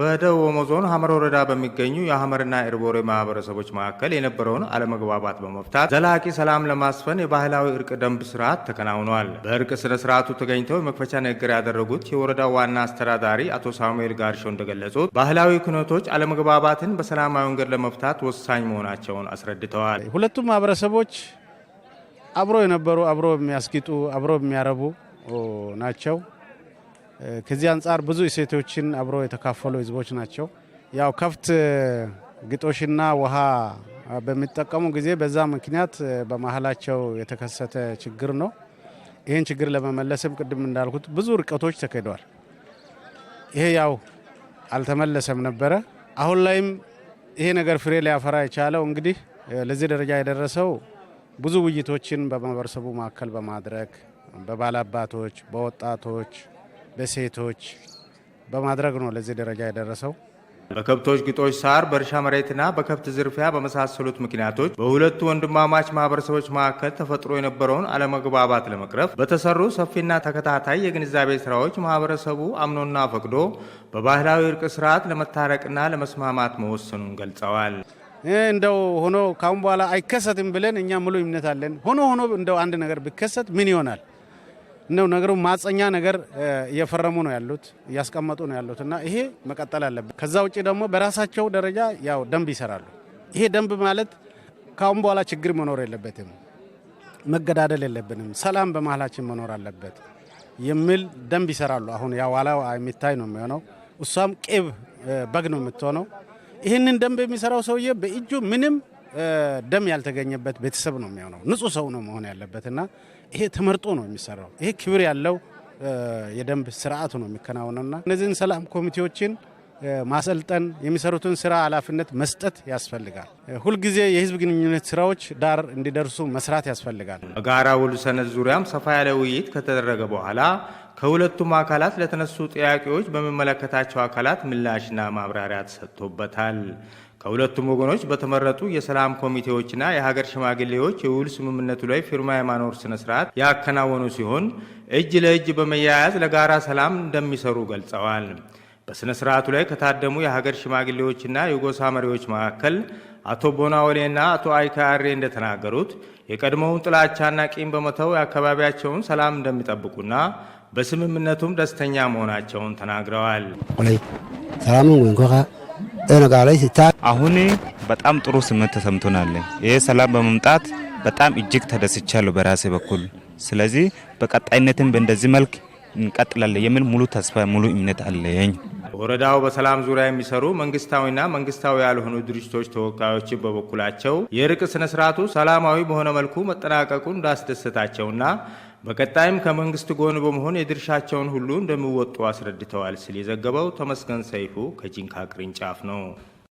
በደቡብ ኦሞ ዞን ሀመር ወረዳ በሚገኙ የሀመርና ኤርቦሬ ማህበረሰቦች መካከል የነበረውን አለመግባባት በመፍታት ዘላቂ ሰላም ለማስፈን የባህላዊ እርቅ ደንብ ስርዓት ተከናውኗል። በእርቅ ስነ ስርዓቱ ተገኝተው የመክፈቻ ንግግር ያደረጉት የወረዳው ዋና አስተዳዳሪ አቶ ሳሙኤል ጋርሾ እንደገለጹት ባህላዊ ክህነቶች አለመግባባትን በሰላማዊ መንገድ ለመፍታት ወሳኝ መሆናቸውን አስረድተዋል። ሁለቱም ማህበረሰቦች አብሮ የነበሩ አብሮ የሚያስጊጡ አብሮ የሚያረቡ ናቸው። ከዚህ አንጻር ብዙ እሴቶችን አብሮ የተካፈሉ ህዝቦች ናቸው። ያው ከፍት ግጦሽና ውሃ በሚጠቀሙ ጊዜ በዛ ምክንያት በመሀላቸው የተከሰተ ችግር ነው። ይህን ችግር ለመመለስም ቅድም እንዳልኩት ብዙ ርቀቶች ተካሂደዋል። ይሄ ያው አልተመለሰም ነበረ። አሁን ላይም ይሄ ነገር ፍሬ ሊያፈራ የቻለው እንግዲህ ለዚህ ደረጃ የደረሰው ብዙ ውይይቶችን በማህበረሰቡ መካከል በማድረግ በባላባቶች፣ በወጣቶች በሴቶች በማድረግ ነው ለዚህ ደረጃ የደረሰው። በከብቶች ግጦሽ ሳር፣ በእርሻ መሬትና በከብት ዝርፊያ በመሳሰሉት ምክንያቶች በሁለቱ ወንድማማች ማህበረሰቦች መካከል ተፈጥሮ የነበረውን አለመግባባት ለመቅረፍ በተሰሩ ሰፊና ተከታታይ የግንዛቤ ስራዎች ማህበረሰቡ አምኖና ፈቅዶ በባህላዊ እርቅ ስርዓት ለመታረቅና ለመስማማት መወሰኑን ገልጸዋል። እንደው ሆኖ ካሁን በኋላ አይከሰትም ብለን እኛ ሙሉ እምነት አለን። ሆኖ ሆኖ እንደው አንድ ነገር ቢከሰት ምን ይሆናል? እንደው ነገሩ ማጸኛ ነገር እየፈረሙ ነው ያሉት እያስቀመጡ ነው ያሉት እና ይሄ መቀጠል አለበት። ከዛ ውጭ ደግሞ በራሳቸው ደረጃ ያው ደንብ ይሰራሉ። ይሄ ደንብ ማለት ከአሁን በኋላ ችግር መኖር የለበትም፣ መገዳደል የለብንም፣ ሰላም በመሀላችን መኖር አለበት የሚል ደንብ ይሰራሉ። አሁን ያው የሚታይ ነው የሚሆነው። እሷም ቄብ በግ ነው የምትሆነው። ይህንን ደንብ የሚሰራው ሰውዬ በእጁ ምንም ደም ያልተገኘበት ቤተሰብ ነው የሚሆነው። ንጹህ ሰው ነው መሆን ያለበት እና ይሄ ተመርጦ ነው የሚሰራው። ይሄ ክብር ያለው የደንብ ስርዓቱ ነው የሚከናወነውና እነዚህን ሰላም ኮሚቴዎችን ማሰልጠን የሚሰሩትን ስራ ኃላፊነት መስጠት ያስፈልጋል። ሁልጊዜ የህዝብ ግንኙነት ስራዎች ዳር እንዲደርሱ መስራት ያስፈልጋል። በጋራ ውል ሰነድ ዙሪያም ሰፋ ያለ ውይይት ከተደረገ በኋላ ከሁለቱም አካላት ለተነሱ ጥያቄዎች በሚመለከታቸው አካላት ምላሽና ማብራሪያ ተሰጥቶበታል። ከሁለቱም ወገኖች በተመረጡ የሰላም ኮሚቴዎችና የሀገር ሽማግሌዎች የውል ስምምነቱ ላይ ፊርማ የማኖር ስነ ስርዓት ያከናወኑ ሲሆን እጅ ለእጅ በመያያዝ ለጋራ ሰላም እንደሚሰሩ ገልጸዋል። በሥነ ሥርዓቱ ላይ ከታደሙ የሀገር ሽማግሌዎችና የጎሳ መሪዎች መካከል አቶ ቦናወሌና አቶ አይካሬ እንደተናገሩት የቀድሞውን ጥላቻና ቂም በመተው የአካባቢያቸውን ሰላም እንደሚጠብቁና በስምምነቱም ደስተኛ መሆናቸውን ተናግረዋል። ሰላም አሁን በጣም ጥሩ ስሜት ተሰምቶናል። ይሄ ሰላም በመምጣት በጣም እጅግ ተደስቻለሁ በራሴ በኩል። ስለዚህ በቀጣይነትም በእንደዚህ መልክ እንቀጥላለን የሚል ሙሉ ተስፋ ሙሉ እምነት አለኝ። ወረዳው በሰላም ዙሪያ የሚሰሩ መንግስታዊና መንግስታዊ ያልሆኑ ድርጅቶች ተወካዮችን በበኩላቸው የእርቅ ስነስርዓቱ ሰላማዊ በሆነ መልኩ መጠናቀቁ እንዳስደሰታቸውና በቀጣይም ከመንግስት ጎን በመሆን የድርሻቸውን ሁሉ እንደሚወጡ አስረድተዋል ሲል የዘገበው ተመስገን ሰይፉ ከጂንካ ቅርንጫፍ ነው።